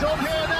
Job here now.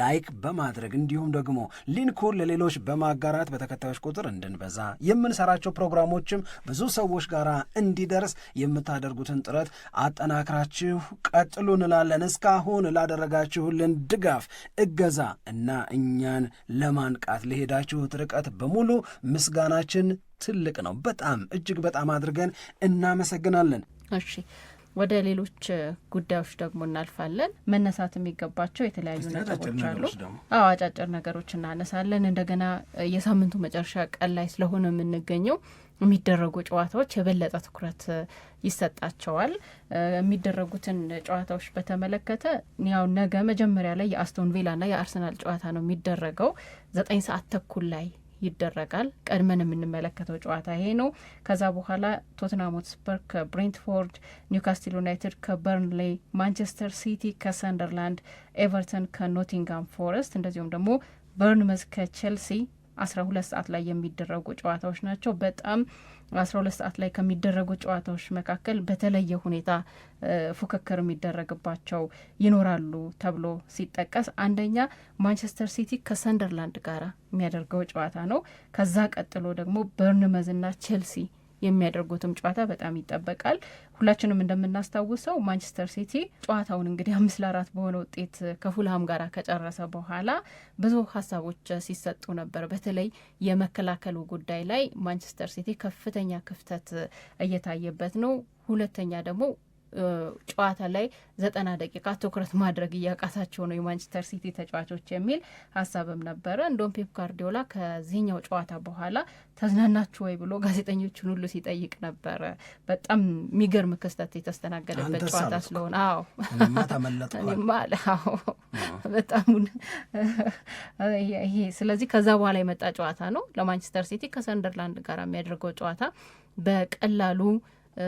ላይክ በማድረግ እንዲሁም ደግሞ ሊንኩን ለሌሎች በማጋራት በተከታዮች ቁጥር እንድንበዛ የምንሰራቸው ፕሮግራሞችም ብዙ ሰዎች ጋር እንዲደርስ የምታደርጉትን ጥረት አጠናክራችሁ ቀጥሉ እንላለን። እስካሁን ላደረጋችሁልን ድጋፍ፣ እገዛ እና እኛን ለማንቃት ለሄዳችሁት ርቀት በሙሉ ምስጋናችን ትልቅ ነው። በጣም እጅግ በጣም አድርገን እናመሰግናለን። እሺ። ወደ ሌሎች ጉዳዮች ደግሞ እናልፋለን። መነሳት የሚገባቸው የተለያዩ ነጥቦች አሉ። አዎ አጫጭር ነገሮች እናነሳለን። እንደገና የሳምንቱ መጨረሻ ቀን ላይ ስለሆነ የምንገኘው የሚደረጉ ጨዋታዎች የበለጠ ትኩረት ይሰጣቸዋል። የሚደረጉትን ጨዋታዎች በተመለከተ ያው ነገ መጀመሪያ ላይ የአስቶን ቪላና የአርሰናል ጨዋታ ነው የሚደረገው ዘጠኝ ሰዓት ተኩል ላይ ይደረጋል። ቀድመን የምንመለከተው ጨዋታ ይሄ ነው። ከዛ በኋላ ቶትናም ሆትስፐር ከብሬንትፎርድ፣ ኒውካስትል ዩናይትድ ከበርንሌይ፣ ማንቸስተር ሲቲ ከሰንደርላንድ፣ ኤቨርተን ከኖቲንጋም ፎረስት እንደዚሁም ደግሞ በርንመዝ ከቼልሲ አስራ ሁለት ሰዓት ላይ የሚደረጉ ጨዋታዎች ናቸው በጣም አስራ ሁለት ሰዓት ላይ ከሚደረጉ ጨዋታዎች መካከል በተለየ ሁኔታ ፉክክር የሚደረግባቸው ይኖራሉ ተብሎ ሲጠቀስ አንደኛ ማንቸስተር ሲቲ ከሰንደርላንድ ጋር የሚያደርገው ጨዋታ ነው። ከዛ ቀጥሎ ደግሞ በርንመዝና ቼልሲ የሚያደርጉትም ጨዋታ በጣም ይጠበቃል። ሁላችንም እንደምናስታውሰው ማንቸስተር ሲቲ ጨዋታውን እንግዲህ አምስት ለአራት በሆነ ውጤት ከፉልሃም ጋር ከጨረሰ በኋላ ብዙ ሀሳቦች ሲሰጡ ነበር። በተለይ የመከላከሉ ጉዳይ ላይ ማንቸስተር ሲቲ ከፍተኛ ክፍተት እየታየበት ነው። ሁለተኛ ደግሞ ጨዋታ ላይ ዘጠና ደቂቃ ትኩረት ማድረግ እያቃታቸው ነው የማንቸስተር ሲቲ ተጫዋቾች የሚል ሀሳብም ነበረ። እንደውም ፔፕ ጋርዲዮላ ከዚህኛው ጨዋታ በኋላ ተዝናናችሁ ወይ ብሎ ጋዜጠኞችን ሁሉ ሲጠይቅ ነበረ። በጣም የሚገርም ክስተት የተስተናገደበት ጨዋታ ስለሆነ አዎ፣ በጣም ይሄ ስለዚህ ከዛ በኋላ የመጣ ጨዋታ ነው ለማንቸስተር ሲቲ ከሰንደርላንድ ጋር የሚያደርገው ጨዋታ በቀላሉ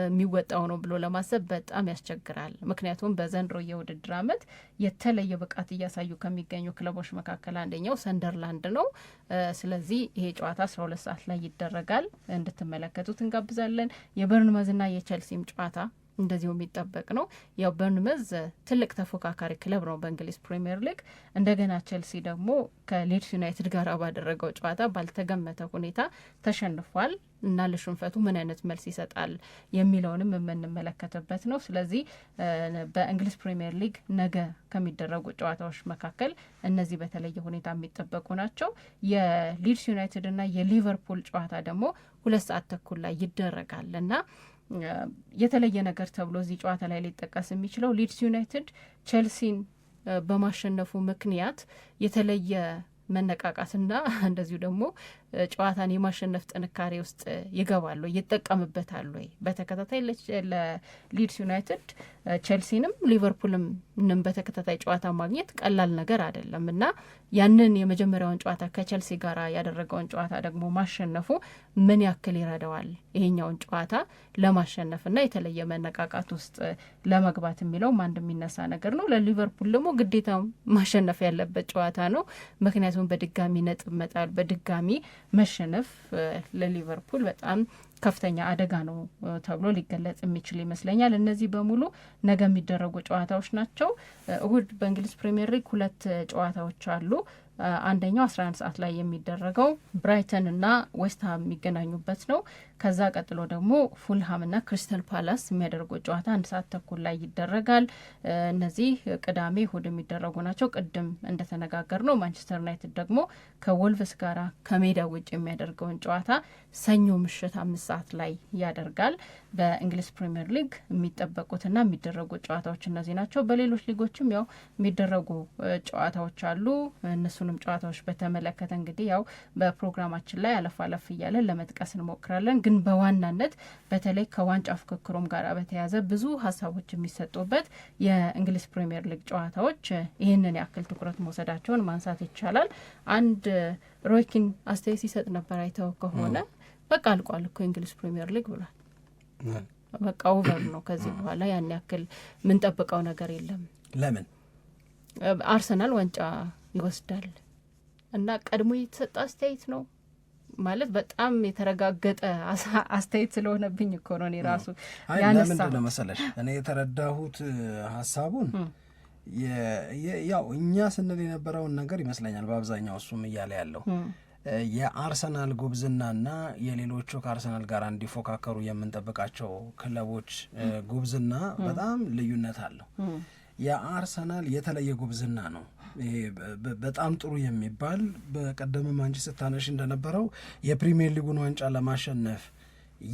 የሚወጣው ነው ብሎ ለማሰብ በጣም ያስቸግራል። ምክንያቱም በዘንድሮ የውድድር ዓመት የተለየ ብቃት እያሳዩ ከሚገኙ ክለቦች መካከል አንደኛው ሰንደርላንድ ነው። ስለዚህ ይሄ ጨዋታ አስራ ሁለት ሰዓት ላይ ይደረጋል። እንድትመለከቱት እንጋብዛለን። የበርንመዝና የቸልሲም ጨዋታ እንደዚሁ የሚጠበቅ ነው። ያው በርንመዝ ትልቅ ተፎካካሪ ክለብ ነው በእንግሊዝ ፕሪምየር ሊግ። እንደገና ቸልሲ ደግሞ ከሌድስ ዩናይትድ ጋር ባደረገው ጨዋታ ባልተገመተ ሁኔታ ተሸንፏል። እና ለሽንፈቱ ምን አይነት መልስ ይሰጣል የሚለውንም የምንመለከትበት ነው። ስለዚህ በእንግሊዝ ፕሪምየር ሊግ ነገ ከሚደረጉ ጨዋታዎች መካከል እነዚህ በተለየ ሁኔታ የሚጠበቁ ናቸው። የሊድስ ዩናይትድ እና የሊቨርፑል ጨዋታ ደግሞ ሁለት ሰዓት ተኩል ላይ ይደረጋል እና የተለየ ነገር ተብሎ እዚህ ጨዋታ ላይ ሊጠቀስ የሚችለው ሊድስ ዩናይትድ ቼልሲን በማሸነፉ ምክንያት የተለየ መነቃቃትና እንደዚሁ ደግሞ ጨዋታን የማሸነፍ ጥንካሬ ውስጥ ይገባሉ ወይ ይጠቀምበታሉ ወይ? በተከታታይ ለሊድስ ዩናይትድ ቼልሲንም ሊቨርፑልንም በተከታታይ ጨዋታ ማግኘት ቀላል ነገር አይደለም እና ያንን የመጀመሪያውን ጨዋታ ከቼልሲ ጋር ያደረገውን ጨዋታ ደግሞ ማሸነፉ ምን ያክል ይረዳዋል ይሄኛውን ጨዋታ ለማሸነፍና የተለየ መነቃቃት ውስጥ ለመግባት የሚለውም አንድ የሚነሳ ነገር ነው። ለሊቨርፑል ደግሞ ግዴታ ማሸነፍ ያለበት ጨዋታ ነው። ምክንያቱም በድጋሚ ነጥብ መጣል በድጋሚ መሸነፍ ለሊቨርፑል በጣም ከፍተኛ አደጋ ነው ተብሎ ሊገለጽ የሚችል ይመስለኛል። እነዚህ በሙሉ ነገ የሚደረጉ ጨዋታዎች ናቸው። እሁድ በእንግሊዝ ፕሪምየር ሊግ ሁለት ጨዋታዎች አሉ። አንደኛው 11 ሰዓት ላይ የሚደረገው ብራይተን እና ዌስትሃም የሚገናኙበት ነው። ከዛ ቀጥሎ ደግሞ ፉልሃም እና ክሪስተል ፓላስ የሚያደርገው ጨዋታ አንድ ሰዓት ተኩል ላይ ይደረጋል። እነዚህ ቅዳሜ እሁድ የሚደረጉ ናቸው። ቅድም እንደተነጋገር ነው ማንቸስተር ዩናይትድ ደግሞ ከወልቭስ ጋራ ከሜዳ ውጭ የሚያደርገውን ጨዋታ ሰኞ ምሽት አምስት ሰዓት ላይ ያደርጋል። በእንግሊዝ ፕሪምየር ሊግ የሚጠበቁትና የሚደረጉ ጨዋታዎች እነዚህ ናቸው። በሌሎች ሊጎችም ያው የሚደረጉ ጨዋታዎች አሉ እነሱ ሁለቱንም ጨዋታዎች በተመለከተ እንግዲህ ያው በፕሮግራማችን ላይ አለፍ አለፍ እያለን ለመጥቀስ እንሞክራለን። ግን በዋናነት በተለይ ከዋንጫ ፍክክሩም ጋር በተያያዘ ብዙ ሀሳቦች የሚሰጡበት የእንግሊዝ ፕሪምየር ሊግ ጨዋታዎች ይህንን ያክል ትኩረት መውሰዳቸውን ማንሳት ይቻላል። አንድ ሮይኪን አስተያየት ሲሰጥ ነበር አይተው ከሆነ በቃ አልቋል እኮ የእንግሊዝ ፕሪምየር ሊግ ብሏል። በቃ ኦቨር ነው። ከዚህ በኋላ ያን ያክል ምንጠብቀው ነገር የለም። ለምን አርሰናል ዋንጫ ይወስዳል እና ቀድሞ የተሰጠ አስተያየት ነው ማለት በጣም የተረጋገጠ አስተያየት ስለሆነብኝ እኮ ነው። እኔ ራሱ ለምንድን ነው መሰለሽ እኔ የተረዳሁት ሀሳቡን ያው እኛ ስንል የነበረውን ነገር ይመስለኛል በአብዛኛው እሱም እያለ ያለው የአርሰናል ጉብዝናና የሌሎቹ ከአርሰናል ጋር እንዲፎካከሩ የምንጠብቃቸው ክለቦች ጉብዝና በጣም ልዩነት አለው። የአርሰናል የተለየ ጉብዝና ነው። በጣም ጥሩ የሚባል በቀደም አንቺ ስታነሽ እንደነበረው የፕሪሚየር ሊጉን ዋንጫ ለማሸነፍ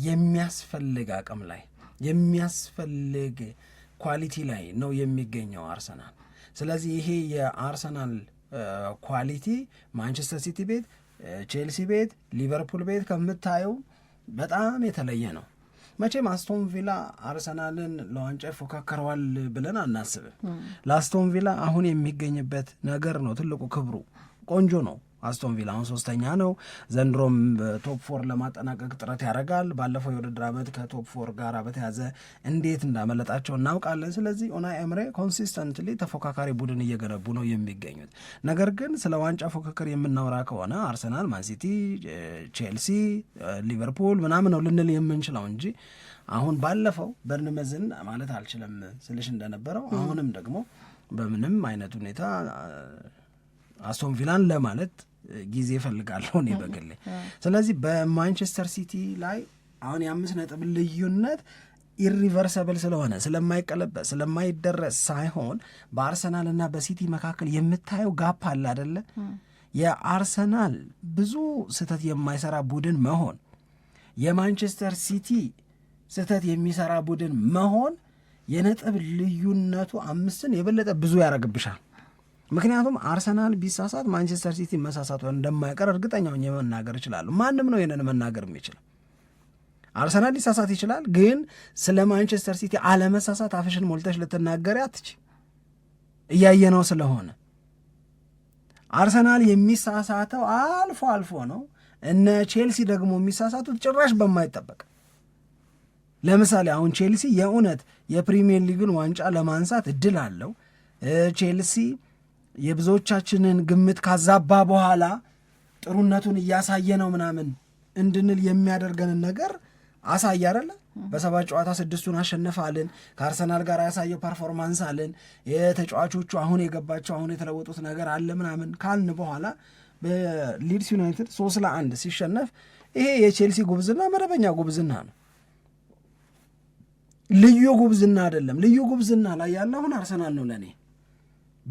የሚያስፈልግ አቅም ላይ የሚያስፈልግ ኳሊቲ ላይ ነው የሚገኘው አርሰናል። ስለዚህ ይሄ የአርሰናል ኳሊቲ ማንቸስተር ሲቲ ቤት፣ ቼልሲ ቤት፣ ሊቨርፑል ቤት ከምታየው በጣም የተለየ ነው። መቼም አስቶን ቪላ አርሰናልን ለዋንጫ ይፎካከረዋል ብለን አናስብም። ለአስቶን ቪላ አሁን የሚገኝበት ነገር ነው ትልቁ ክብሩ። ቆንጆ ነው አስቶን ቪላ ሶስተኛ ነው። ዘንድሮም ቶፕ ፎር ለማጠናቀቅ ጥረት ያደርጋል። ባለፈው የውድድር ዓመት ከቶፕ ፎር ጋር በተያዘ እንዴት እንዳመለጣቸው እናውቃለን። ስለዚህ ኦናይ ኤምሬ ኮንሲስተንትሊ ተፎካካሪ ቡድን እየገነቡ ነው የሚገኙት። ነገር ግን ስለ ዋንጫ ፉክክር የምናወራ ከሆነ አርሰናል፣ ማንሲቲ፣ ቼልሲ፣ ሊቨርፑል ምናምን ነው ልንል የምንችለው እንጂ አሁን ባለፈው በርንመዝን ማለት አልችልም ስልሽ እንደነበረው አሁንም ደግሞ በምንም አይነት ሁኔታ አስቶን ቪላን ለማለት ጊዜ እፈልጋለሁ እኔ በግሌ። ስለዚህ በማንቸስተር ሲቲ ላይ አሁን የአምስት ነጥብ ልዩነት ኢሪቨርሰብል ስለሆነ ስለማይቀለበስ ስለማይደረስ ሳይሆን በአርሰናልና በሲቲ መካከል የምታየው ጋፕ አለ አደለ? የአርሰናል ብዙ ስህተት የማይሰራ ቡድን መሆን የማንቸስተር ሲቲ ስህተት የሚሰራ ቡድን መሆን የነጥብ ልዩነቱ አምስትን የበለጠ ብዙ ያረግብሻል። ምክንያቱም አርሰናል ቢሳሳት ማንቸስተር ሲቲ መሳሳት እንደማይቀር እርግጠኛ ሆኜ መናገር እችላለሁ። ማንም ነው ይህንን መናገር የሚችል። አርሰናል ሊሳሳት ይችላል፣ ግን ስለ ማንቸስተር ሲቲ አለመሳሳት አፍሽን ሞልተሽ ልትናገሪ አትችይም፣ እያየነው ስለሆነ አርሰናል የሚሳሳተው አልፎ አልፎ ነው። እነ ቼልሲ ደግሞ የሚሳሳቱት ጭራሽ በማይጠበቅ ለምሳሌ አሁን ቼልሲ የእውነት የፕሪሚየር ሊግን ዋንጫ ለማንሳት እድል አለው ቼልሲ የብዙዎቻችንን ግምት ካዛባ በኋላ ጥሩነቱን እያሳየ ነው ምናምን እንድንል የሚያደርገንን ነገር አሳይ አይደለ? በሰባት ጨዋታ ስድስቱን አሸነፋልን ከአርሰናል ጋር ያሳየው ፐርፎርማንስ አልን። የተጫዋቾቹ አሁን የገባቸው አሁን የተለወጡት ነገር አለ ምናምን ካልን በኋላ በሊድስ ዩናይትድ ሶስት ለአንድ ሲሸነፍ ይሄ የቼልሲ ጉብዝና መደበኛ ጉብዝና ነው፣ ልዩ ጉብዝና አይደለም። ልዩ ጉብዝና ላይ ያለ አሁን አርሰናል ነው ለእኔ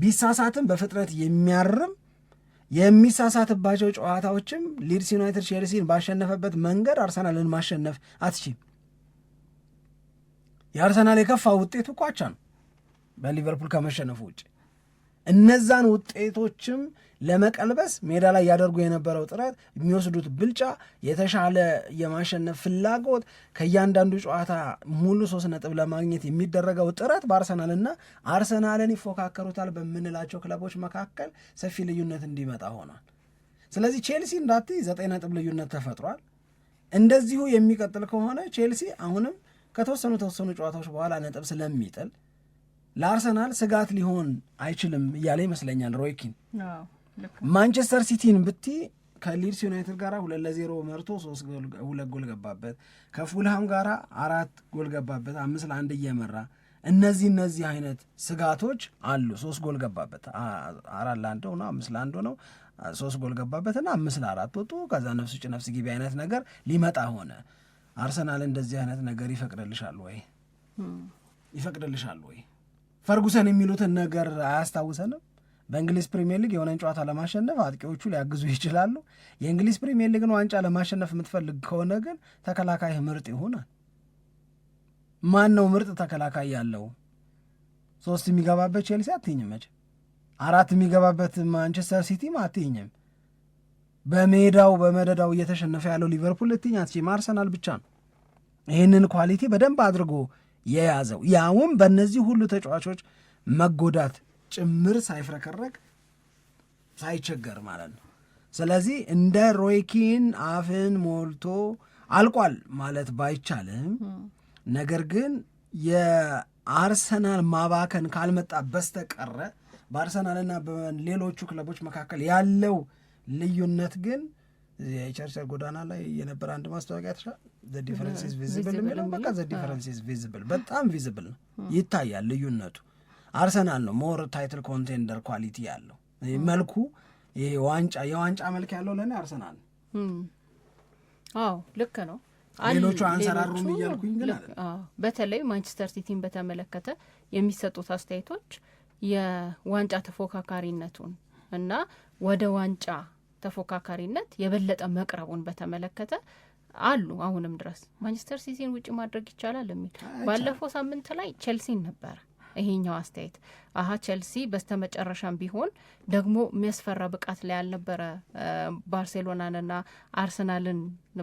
ቢሳሳትም በፍጥነት የሚያርም የሚሳሳትባቸው ጨዋታዎችም ሊድስ ዩናይትድ ቼልሲን ባሸነፈበት መንገድ አርሰናልን ማሸነፍ አትችም። የአርሰናል የከፋ ውጤት እኮ አቻ ነው በሊቨርፑል ከመሸነፉ ውጭ እነዛን ውጤቶችም ለመቀልበስ ሜዳ ላይ ያደርጉ የነበረው ጥረት፣ የሚወስዱት ብልጫ፣ የተሻለ የማሸነፍ ፍላጎት፣ ከእያንዳንዱ ጨዋታ ሙሉ ሶስት ነጥብ ለማግኘት የሚደረገው ጥረት በአርሰናልና አርሰናልን ይፎካከሩታል በምንላቸው ክለቦች መካከል ሰፊ ልዩነት እንዲመጣ ሆኗል። ስለዚህ ቼልሲ እንዳት ዘጠኝ ነጥብ ልዩነት ተፈጥሯል። እንደዚሁ የሚቀጥል ከሆነ ቼልሲ አሁንም ከተወሰኑ ተወሰኑ ጨዋታዎች በኋላ ነጥብ ስለሚጥል ለአርሰናል ስጋት ሊሆን አይችልም እያለ ይመስለኛል ሮይኪን ማንቸስተር ሲቲን ብቲ ከሊድስ ዩናይትድ ጋር ሁለት ለዜሮ መርቶ ሶስት ሁለት ጎል ገባበት። ከፉልሃም ጋር አራት ጎል ገባበት፣ አምስት ለአንድ እየመራ እነዚህ እነዚህ አይነት ስጋቶች አሉ። ሶስት ጎል ገባበት፣ አራት ለአንድ ነው፣ አምስት ለአንድ ነው። ሶስት ጎል ገባበት ገባበትና አምስት ለአራት ወጡ። ከዛ ነፍስ ውጭ ነፍስ ግቢ አይነት ነገር ሊመጣ ሆነ። አርሰናል እንደዚህ አይነት ነገር ይፈቅድልሻል ወይ ይፈቅድልሻል ወይ? ፈርጉሰን የሚሉትን ነገር አያስታውሰንም። በእንግሊዝ ፕሪሚየር ሊግ የሆነን ጨዋታ ለማሸነፍ አጥቂዎቹ ሊያግዙ ይችላሉ። የእንግሊዝ ፕሪሚየር ሊግን ዋንጫ ለማሸነፍ የምትፈልግ ከሆነ ግን ተከላካይ ምርጥ ይሆናል። ማን ነው ምርጥ ተከላካይ ያለው? ሶስት የሚገባበት ቼልሲ አትኝም፣ መቼም አራት የሚገባበት ማንቸስተር ሲቲም አትኝም። በሜዳው በመደዳው እየተሸነፈ ያለው ሊቨርፑል ልትኝ አትችም፣ አርሰናል ብቻ ነው ይህንን ኳሊቲ በደንብ አድርጎ የያዘው ያውም በእነዚህ ሁሉ ተጫዋቾች መጎዳት ጭምር ሳይፍረከረክ ሳይቸገር ማለት ነው። ስለዚህ እንደ ሮይኪን አፍን ሞልቶ አልቋል ማለት ባይቻልም፣ ነገር ግን የአርሰናል ማባከን ካልመጣ በስተቀረ በአርሰናልና በሌሎቹ ክለቦች መካከል ያለው ልዩነት ግን የቸርቸል ጎዳና ላይ የነበረ አንድ ማስታወቂያ ትችላል። ዲፈረንስ ቪዚብል የሚለው በቃ ዘ ዲፈረንስ ቪዚብል በጣም ቪዚብል ነው፣ ይታያል ልዩነቱ አርሰናል ነው ሞር ታይትል ኮንቴንደር ኳሊቲ ያለው መልኩ ይሄ ዋንጫ የዋንጫ መልክ ያለው ለእኔ አርሰናል አዎ ልክ ነው። ሌሎቹ አንሰራሩም እያልኩኝ ግን በተለይ ማንቸስተር ሲቲን በተመለከተ የሚሰጡት አስተያየቶች የዋንጫ ተፎካካሪነቱን እና ወደ ዋንጫ ተፎካካሪነት የበለጠ መቅረቡን በተመለከተ አሉ አሁንም ድረስ ማንቸስተር ሲቲን ውጭ ማድረግ ይቻላል የሚል ባለፈው ሳምንት ላይ ቼልሲን ነበረ ይሄኛው አስተያየት አሀ ቸልሲ በስተመጨረሻም ቢሆን ደግሞ የሚያስፈራ ብቃት ላይ ያልነበረ ባርሴሎናንና አርሰናልን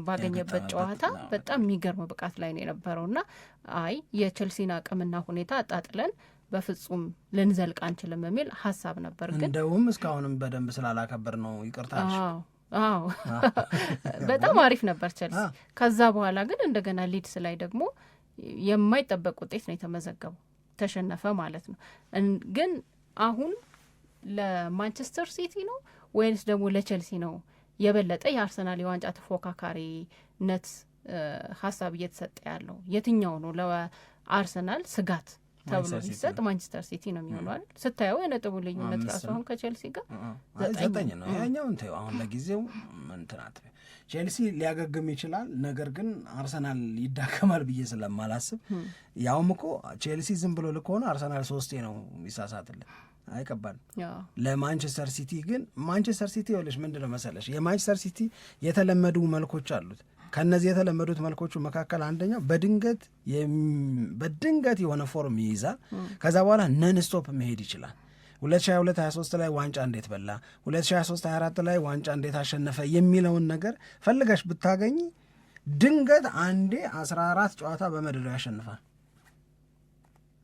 ባገኘበት ጨዋታ በጣም የሚገርም ብቃት ላይ ነው የነበረው ና አይ የቸልሲን አቅምና ሁኔታ አጣጥለን በፍጹም ልንዘልቅ አንችልም የሚል ሀሳብ ነበር። ግን እንደውም እስካሁንም በደንብ ስላላከበር ነው ይቅርታ። አዎ በጣም አሪፍ ነበር ቸልሲ ከዛ በኋላ ግን እንደገና ሊድስ ላይ ደግሞ የማይጠበቅ ውጤት ነው የተመዘገበው። ተሸነፈ ማለት ነው። ግን አሁን ለማንቸስተር ሲቲ ነው ወይንስ ደግሞ ለቸልሲ ነው የበለጠ የአርሰናል የዋንጫ ተፎካካሪነት ሀሳብ እየተሰጠ ያለው? የትኛው ነው ለአርሰናል ስጋት? ተብሎ ሲሰጥ ማንቸስተር ሲቲ ነው የሚሆነው ስታየው የነጥቡ ልዩነት ራሱ አሁን ከቼልሲ ጋር ዘጠኝ ነው። ያኛው እንተ አሁን ለጊዜው ምንትናት ቼልሲ ሊያገግም ይችላል። ነገር ግን አርሰናል ይዳከማል ብዬ ስለማላስብ ያውም እኮ ቼልሲ ዝም ብሎ ልከሆነ አርሰናል ሶስቴ ነው ይሳሳትልን አይቀባል ለማንቸስተር ሲቲ ግን ማንቸስተር ሲቲ ይኸውልሽ ምንድን ነው መሰለሽ የማንቸስተር ሲቲ የተለመዱ መልኮች አሉት ከእነዚህ የተለመዱት መልኮቹ መካከል አንደኛው በድንገት በድንገት የሆነ ፎርም ይይዛል። ከዛ በኋላ ነን ስቶፕ መሄድ ይችላል። 2022/23 ላይ ዋንጫ እንዴት በላ፣ 2023/24 ላይ ዋንጫ እንዴት አሸነፈ የሚለውን ነገር ፈልገሽ ብታገኝ ድንገት አንዴ 14 ጨዋታ በመድረው ያሸንፋል።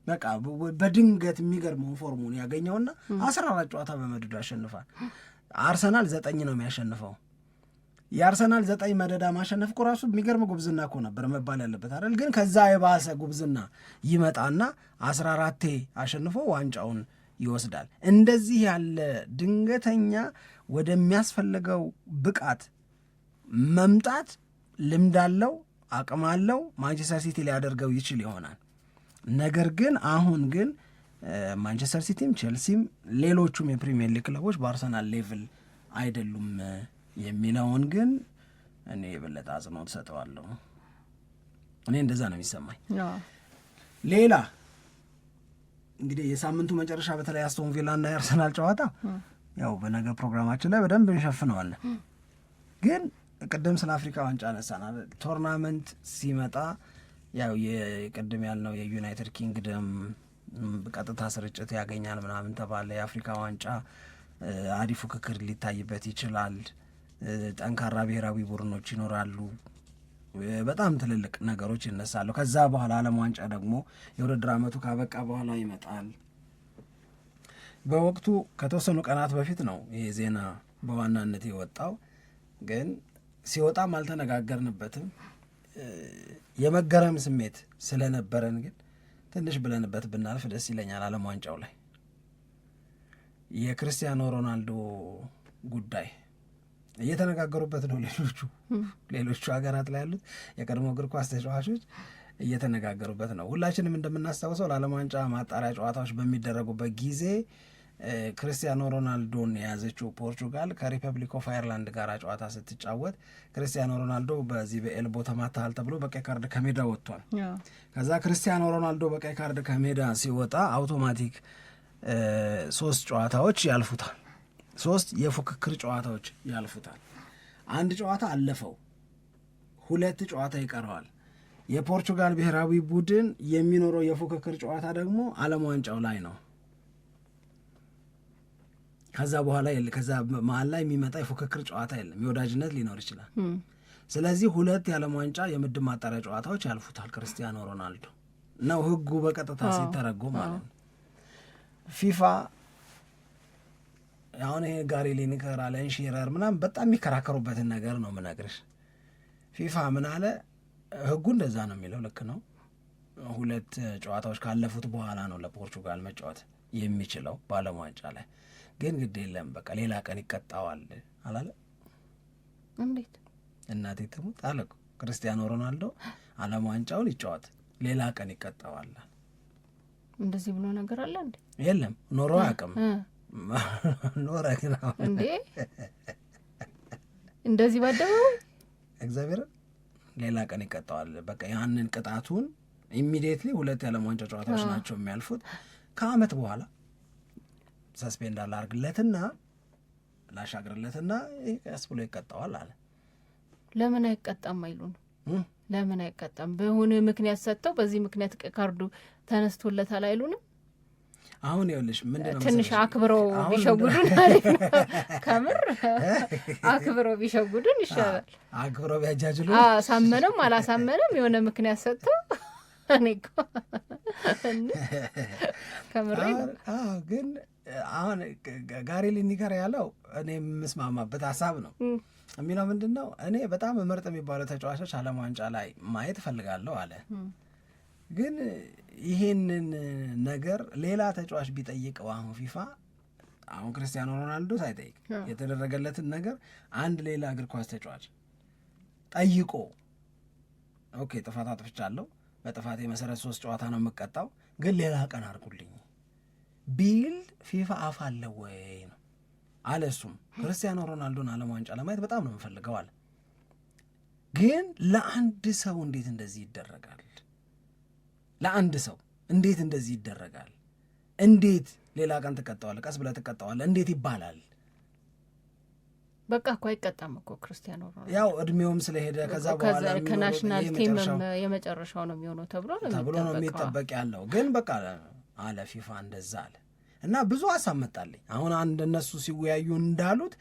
በቃ በድንገት የሚገርመውን ፎርሙን ያገኘውና 14 ጨዋታ በመደዶ ያሸንፋል። አርሰናል ዘጠኝ ነው የሚያሸንፈው የአርሰናል ዘጠኝ መደዳ ማሸነፍ እኮ ራሱ የሚገርም ጉብዝና እኮ ነበር መባል ያለበት አይደል? ግን ከዛ የባሰ ጉብዝና ይመጣና አስራ አራቴ አሸንፎ ዋንጫውን ይወስዳል። እንደዚህ ያለ ድንገተኛ ወደሚያስፈልገው ብቃት መምጣት ልምድ አለው፣ አቅም አለው። ማንቸስተር ሲቲ ሊያደርገው ይችል ይሆናል። ነገር ግን አሁን ግን ማንቸስተር ሲቲም ቼልሲም ሌሎቹም የፕሪሚየር ሊግ ክለቦች በአርሰናል ሌቭል አይደሉም የሚለውን ግን እኔ የበለጠ አጽንኦት ሰጠዋለሁ። እኔ እንደዛ ነው የሚሰማኝ። ሌላ እንግዲህ የሳምንቱ መጨረሻ በተለይ አስቶን እና የአርሰናል ጨዋታ ያው በነገ ፕሮግራማችን ላይ በደንብ እንሸፍነዋለን። ግን ቅድም ስለ አፍሪካ ዋንጫ ነሳና ቶርናመንት ሲመጣ ያው የቅድም ያልነው የዩናይትድ ኪንግደም ቀጥታ ስርጭት ያገኛል ምናምን ተባለ። የአፍሪካ ዋንጫ አሪፍ ፉክክር ሊታይበት ይችላል ጠንካራ ብሔራዊ ቡድኖች ይኖራሉ። በጣም ትልልቅ ነገሮች ይነሳሉ። ከዛ በኋላ ዓለም ዋንጫ ደግሞ የውድድር ዓመቱ ካበቃ በኋላ ይመጣል። በወቅቱ ከተወሰኑ ቀናት በፊት ነው ይሄ ዜና በዋናነት የወጣው፣ ግን ሲወጣም አልተነጋገርንበትም። የመገረም ስሜት ስለነበረን ግን ትንሽ ብለንበት ብናልፍ ደስ ይለኛል። ዓለም ዋንጫው ላይ የክርስቲያኖ ሮናልዶ ጉዳይ እየተነጋገሩበት ነው። ሌሎቹ ሌሎቹ ሀገራት ላይ ያሉት የቀድሞ እግር ኳስ ተጫዋቾች እየተነጋገሩበት ነው። ሁላችንም እንደምናስታውሰው ለዓለም ዋንጫ ማጣሪያ ጨዋታዎች በሚደረጉበት ጊዜ ክርስቲያኖ ሮናልዶን የያዘችው ፖርቹጋል ከሪፐብሊክ ኦፍ አይርላንድ ጋር ጨዋታ ስትጫወት ክርስቲያኖ ሮናልዶ በዚህ በኤልቦ ተማታሃል ተብሎ በቀይ ካርድ ከሜዳ ወጥቷል። ከዛ ክርስቲያኖ ሮናልዶ በቀይ ካርድ ከሜዳ ሲወጣ አውቶማቲክ ሶስት ጨዋታዎች ያልፉታል። ሶስት የፉክክር ጨዋታዎች ያልፉታል። አንድ ጨዋታ አለፈው፣ ሁለት ጨዋታ ይቀረዋል። የፖርቹጋል ብሔራዊ ቡድን የሚኖረው የፉክክር ጨዋታ ደግሞ ዓለም ዋንጫው ላይ ነው። ከዛ በኋላ ከዛ መሀል ላይ የሚመጣ የፉክክር ጨዋታ የለም። የወዳጅነት ሊኖር ይችላል። ስለዚህ ሁለት የዓለም ዋንጫ የምድብ ማጣሪያ ጨዋታዎች ያልፉታል ክርስቲያኖ ሮናልዶ ነው ህጉ በቀጥታ ሲተረጎም ማለት ነው ፊፋ አሁን ይሄ ጋሪ ሊንከር አለን ሺረር ምናምን በጣም የሚከራከሩበትን ነገር ነው ምነግርሽ። ፊፋ ምን አለ ህጉ እንደዛ ነው የሚለው ልክ ነው። ሁለት ጨዋታዎች ካለፉት በኋላ ነው ለፖርቹጋል መጫወት የሚችለው በዓለም ዋንጫ ላይ ግን ግድ የለም በቃ ሌላ ቀን ይቀጣዋል አላለ። እንዴት እናቴ ትሙት አለ ክርስቲያኖ ሮናልዶ ዓለም ዋንጫውን ይጫወት ሌላ ቀን ይቀጣዋል። እንደዚህ ብሎ ነገር አለ እንዴ? የለም ኖሮ አያውቅም። ኖረ ግን አሁን እንዴ እንደዚህ ባደበው እግዚአብሔር ሌላ ቀን ይቀጠዋል በቃ ያንን ቅጣቱን ኢሚዲየትሊ ሁለት የዓለም ዋንጫ ጨዋታዎች ናቸው የሚያልፉት። ከአመት በኋላ ሰስፔንድ ላርግለትና ላሻግርለትና ቀስ ብሎ አለ። ለምን አይቀጣም ነው ለምን አይቀጣም? በሆነ ምክንያት ሰጥተው በዚህ ምክንያት ካርዱ ተነስቶለታል አይሉንም? አሁን ይኸውልሽ ምንድን ነው ትንሽ አክብሮ ቢሸጉዱን አሪፍ ነው። ከምር አክብሮ ቢሸጉዱን ይሻላል። አክብሮ ቢያጃጅሉ ሳመነም አላሳመነም የሆነ ምክንያት ሰጥተው እኔ እኮ ከምር ግን አሁን ጋሪ ሊኒከር ያለው እኔ የምስማማበት ሀሳብ ነው የሚለው ምንድን ነው እኔ በጣም ምርጥ የሚባሉ ተጫዋቾች ዓለም ዋንጫ ላይ ማየት እፈልጋለሁ አለ ግን ይሄንን ነገር ሌላ ተጫዋች ቢጠይቀው አሁን ፊፋ አሁን ክርስቲያኖ ሮናልዶ ሳይጠይቅ የተደረገለትን ነገር አንድ ሌላ እግር ኳስ ተጫዋች ጠይቆ ኦኬ ጥፋት አጥፍቻለሁ፣ በጥፋት የመሰረት ሶስት ጨዋታ ነው የምቀጣው፣ ግን ሌላ ቀን አድርጉልኝ ቢል ፊፋ አፍ አለ ወይ ነው አለ። እሱም ክርስቲያኖ ሮናልዶን ዓለም ዋንጫ ለማየት በጣም ነው የምፈልገው አለ። ግን ለአንድ ሰው እንዴት እንደዚህ ይደረጋል? ለአንድ ሰው እንዴት እንደዚህ ይደረጋል? እንዴት ሌላ ቀን ትቀጣዋለህ፣ ቀስ ብለህ ትቀጣዋለህ፣ እንዴት ይባላል? በቃ እኮ አይቀጣም እኮ ክርስቲያኖ ሮናልዶ ያው እድሜውም ስለሄደ ከዛ በኋላ ከናሽናል የመጨረሻው ነው የሚሆነው ተብሎ ተብሎ ነው የሚጠበቅ ያለው። ግን በቃ አለ ፊፋ እንደዛ አለ እና ብዙ አሳመጣልኝ። አሁን አንድ እነሱ ሲወያዩ እንዳሉት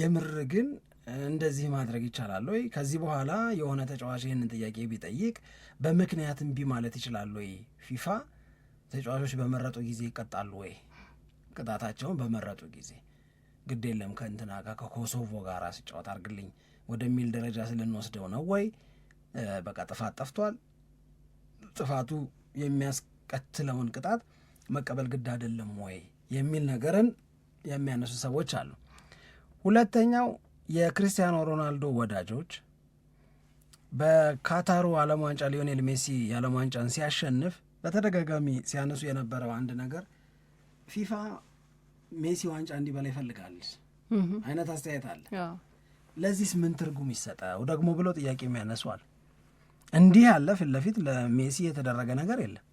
የምር ግን እንደዚህ ማድረግ ይቻላል ወይ? ከዚህ በኋላ የሆነ ተጫዋች ይህንን ጥያቄ ቢጠይቅ በምክንያት እምቢ ማለት ይችላል ወይ? ፊፋ ተጫዋቾች በመረጡ ጊዜ ይቀጣሉ ወይ? ቅጣታቸውን በመረጡ ጊዜ ግድ የለም ከእንትና ጋር ከኮሶቮ ጋር ሲጫወት አርግልኝ ወደሚል ደረጃ ስልንወስደው ነው ወይ? በቃ ጥፋት ጠፍቷል፣ ጥፋቱ የሚያስቀትለውን ቅጣት መቀበል ግድ አይደለም ወይ የሚል ነገርን የሚያነሱ ሰዎች አሉ። ሁለተኛው የክርስቲያኖ ሮናልዶ ወዳጆች በካታሩ ዓለም ዋንጫ ሊዮኔል ሜሲ የዓለም ዋንጫን ሲያሸንፍ በተደጋጋሚ ሲያነሱ የነበረው አንድ ነገር ፊፋ ሜሲ ዋንጫ እንዲበላ ይፈልጋል አይነት አስተያየት አለ። ለዚህስ ምን ትርጉም ይሰጠው ደግሞ ብሎ ጥያቄ የሚያነሷል። እንዲህ ያለ ፊት ለፊት ለሜሲ የተደረገ ነገር የለም።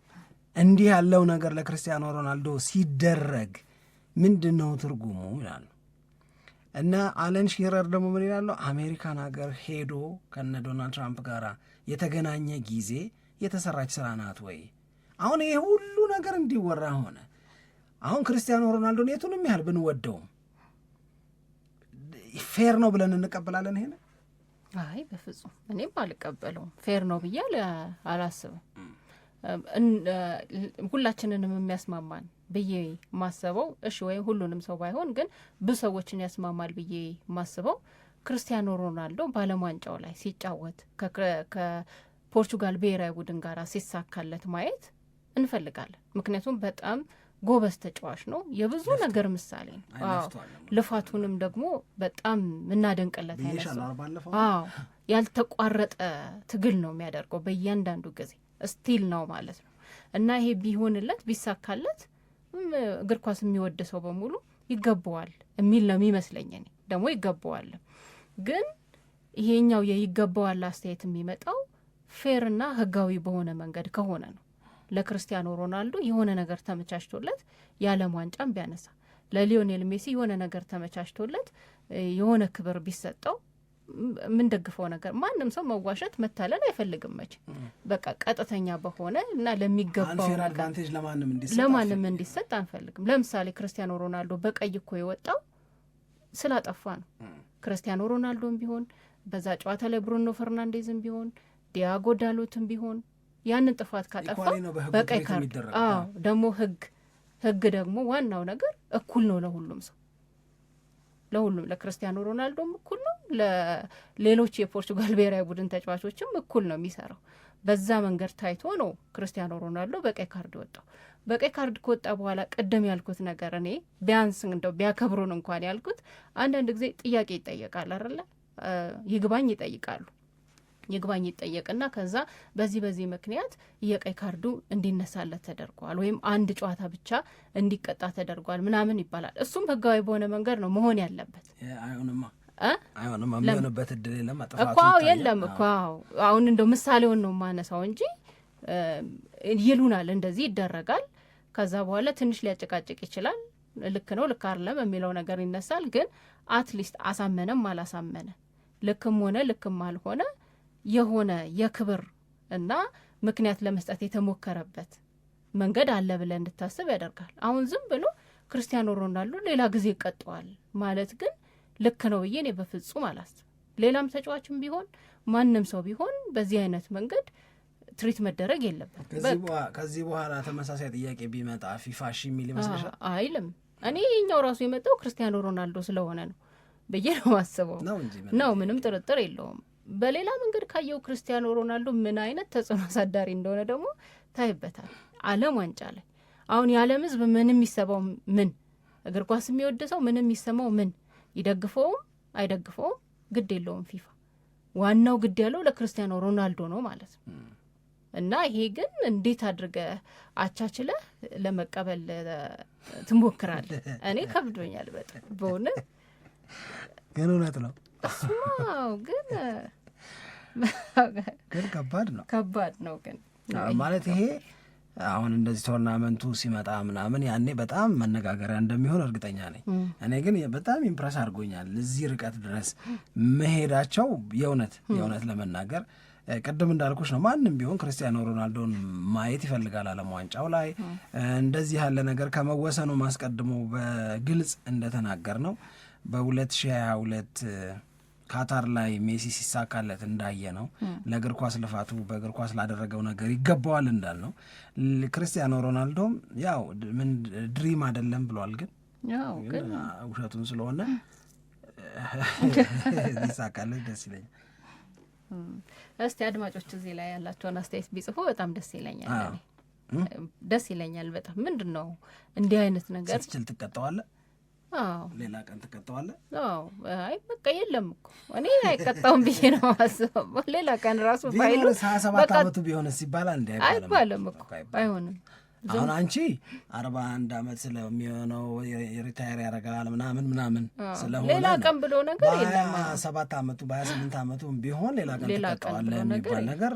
እንዲህ ያለው ነገር ለክርስቲያኖ ሮናልዶ ሲደረግ ምንድን ነው ትርጉሙ ይላሉ። እነ አለን ሺረር ደግሞ ምን ይላሉ? አሜሪካን ሀገር ሄዶ ከነ ዶናልድ ትራምፕ ጋር የተገናኘ ጊዜ የተሰራች ስራ ናት ወይ? አሁን ይሄ ሁሉ ነገር እንዲወራ ሆነ። አሁን ክርስቲያኖ ሮናልዶን የቱንም ያህል ብንወደውም ፌር ነው ብለን እንቀበላለን ይሄን? አይ በፍጹም እኔም አልቀበለውም። ፌር ነው ብዬ አላስብም። ሁላችንንም የሚያስማማን ብዬ ማስበው እሺ፣ ወይም ሁሉንም ሰው ባይሆን ግን ብዙ ሰዎችን ያስማማል ብዬ ማስበው ክርስቲያኖ ሮናልዶ በዓለም ዋንጫው ላይ ሲጫወት ከፖርቹጋል ብሔራዊ ቡድን ጋር ሲሳካለት ማየት እንፈልጋለን። ምክንያቱም በጣም ጎበዝ ተጫዋች ነው። የብዙ ነገር ምሳሌ ነው። ልፋቱንም ደግሞ በጣም እናደንቅለት አይነት ያልተቋረጠ ትግል ነው የሚያደርገው በእያንዳንዱ ጊዜ ስቲል ነው ማለት ነው እና ይሄ ቢሆንለት ቢሳካለት እግር ኳስ የሚወድ ሰው በሙሉ ይገባዋል የሚል ነው የሚመስለኝ። እኔ ደግሞ ይገባዋል። ግን ይሄኛው የይገባዋል አስተያየት የሚመጣው ፌርና ህጋዊ በሆነ መንገድ ከሆነ ነው። ለክርስቲያኖ ሮናልዶ የሆነ ነገር ተመቻችቶለት የዓለም ዋንጫም ቢያነሳ ለሊዮኔል ሜሲ የሆነ ነገር ተመቻችቶለት የሆነ ክብር ቢሰጠው የምንደግፈው ነገር ማንም ሰው መዋሸት መታለል አይፈልግም። መች በቃ ቀጥተኛ በሆነ እና ለሚገባው ለማንም እንዲሰጥ አንፈልግም። ለምሳሌ ክርስቲያኖ ሮናልዶ በቀይ እኮ የወጣው ስላጠፋ ነው። ክርስቲያኖ ሮናልዶም ቢሆን በዛ ጨዋታ ላይ ብሩኖ ፈርናንዴዝም ቢሆን ዲያጎ ዳሎትም ቢሆን ያንን ጥፋት ካጠፋ በቀይ ካርድ ደግሞ ህግ ህግ ደግሞ ዋናው ነገር እኩል ነው ለሁሉም ሰው ለሁሉም ለክርስቲያኖ ሮናልዶም እኩል ነው፣ ለሌሎች የፖርቹጋል ብሔራዊ ቡድን ተጫዋቾችም እኩል ነው የሚሰራው። በዛ መንገድ ታይቶ ነው ክርስቲያኖ ሮናልዶ በቀይ ካርድ ወጣው። በቀይ ካርድ ከወጣ በኋላ ቅድም ያልኩት ነገር እኔ ቢያንስ እንደው ቢያከብሩን እንኳን ያልኩት አንዳንድ ጊዜ ጥያቄ ይጠየቃል አይደለ? ይግባኝ ይጠይቃሉ ይግባኝ ይጠየቅና ከዛ በዚህ በዚህ ምክንያት የቀይ ካርዱ እንዲነሳለት ተደርጓል ወይም አንድ ጨዋታ ብቻ እንዲቀጣ ተደርጓል ምናምን ይባላል። እሱም ህጋዊ በሆነ መንገድ ነው መሆን ያለበት። አይሆንም የሚሆንበት እድል የለም እኮ የለም እኮ አሁን እንደው ምሳሌውን ነው የማነሳው እንጂ ይሉናል፣ እንደዚህ ይደረጋል። ከዛ በኋላ ትንሽ ሊያጨቃጭቅ ይችላል። ልክ ነው ልክ አይደለም የሚለው ነገር ይነሳል። ግን አትሊስት አሳመነም አላሳመነ ልክም ሆነ ልክም አልሆነ የሆነ የክብር እና ምክንያት ለመስጠት የተሞከረበት መንገድ አለ ብለህ እንድታስብ ያደርጋል። አሁን ዝም ብሎ ክርስቲያኖ ሮናልዶ ሌላ ጊዜ ይቀጠዋል ማለት ግን ልክ ነው ብዬ እኔ በፍጹም አላስብ። ሌላም ተጫዋችም ቢሆን ማንም ሰው ቢሆን በዚህ አይነት መንገድ ትሪት መደረግ የለበት። ከዚህ በኋላ ተመሳሳይ ጥያቄ ቢመጣ ፊፋ የሚል ይመስልሻል? አይልም። እኔ የኛው ራሱ የመጣው ክርስቲያኖ ሮናልዶ ስለሆነ ነው ብዬ ነው ማስበው። ነው ምንም ጥርጥር የለውም። በሌላ መንገድ ካየው ክርስቲያኖ ሮናልዶ ምን አይነት ተጽዕኖ አሳዳሪ እንደሆነ ደግሞ ታይበታል። ዓለም ዋንጫ ላይ አሁን የዓለም ሕዝብ ምን የሚሰማው ምን እግር ኳስ የሚወድ ሰው ምን የሚሰማው ምን ይደግፈውም አይደግፈውም ግድ የለውም ፊፋ። ዋናው ግድ ያለው ለክርስቲያኖ ሮናልዶ ነው ማለት ነው። እና ይሄ ግን እንዴት አድርገህ አቻችለህ ለመቀበል ትሞክራለህ? እኔ ከብዶኛል በጣም በእውነት ግን እውነት ነው ግን ግን ከባድ ነው ከባድ ነው ግን ማለት ይሄ አሁን እንደዚህ ቶርናመንቱ ሲመጣ ምናምን ያኔ በጣም መነጋገሪያ እንደሚሆን እርግጠኛ ነኝ። እኔ ግን በጣም ኢምፕረስ አድርጎኛል እዚህ ርቀት ድረስ መሄዳቸው። የእውነት የእውነት ለመናገር ቅድም እንዳልኩሽ ነው ማንም ቢሆን ክርስቲያኖ ሮናልዶን ማየት ይፈልጋል ዓለም ዋንጫው ላይ እንደዚህ ያለ ነገር ከመወሰኑ ማስቀድሞ በግልጽ እንደተናገር ነው በ2022 ካታር ላይ ሜሲ ሲሳካለት እንዳየ ነው ለእግር ኳስ ልፋቱ በእግር ኳስ ላደረገው ነገር ይገባዋል እንዳል ነው። ክርስቲያኖ ሮናልዶም ያው ምን ድሪም አይደለም ብሏል፣ ግን ውሸቱን ስለሆነ ይሳካለት ደስ ይለኛል። እስቲ አድማጮች እዚህ ላይ ያላቸውን አስተያየት ቢጽፉ በጣም ደስ ይለኛል። ደስ ይለኛል በጣም ምንድን ነው እንዲህ አይነት ነገር ስትችል ትቀጠዋለህ ሌላ ቀን ትቀጠዋለህ? አይ በቃ የለም እኮ እኔ አይቀጣውም ብዬ ነው ማስበው። ሌላ ቀን ራሱ ፋይሉ ሀያ ሰባት አመቱ ቢሆን ይባላል እንዲ አይባልም እኮ አይሆንም። አሁን አንቺ አርባ አንድ አመት ስለሚሆነው ሪታየር ያደርጋል ምናምን ምናምን ስለሆነ ሌላ ቀን ብሎ ነገር የለም። በሀያ ሰባት አመቱ በሀያ ስምንት አመቱ ቢሆን ሌላ ቀን ትቀጠዋለህ የሚባል ነገር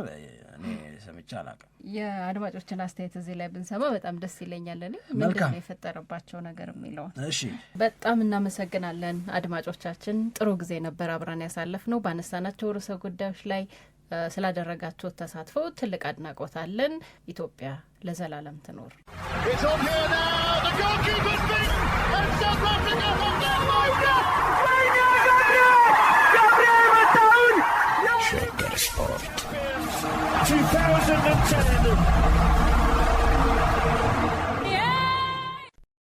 ሰምቼ አላውቅም። የአድማጮችን አስተያየት እዚህ ላይ ብንሰማ በጣም ደስ ይለኛል። እኔ የፈጠረባቸው ነገር የሚለውን። እሺ በጣም እናመሰግናለን አድማጮቻችን። ጥሩ ጊዜ ነበር አብረን ያሳለፍነው። ባነሳናቸው ርዕሰ ጉዳዮች ላይ ስላደረጋችሁት ተሳትፎ ትልቅ አድናቆት አለን። ኢትዮጵያ ለዘላለም ትኖር። 2010.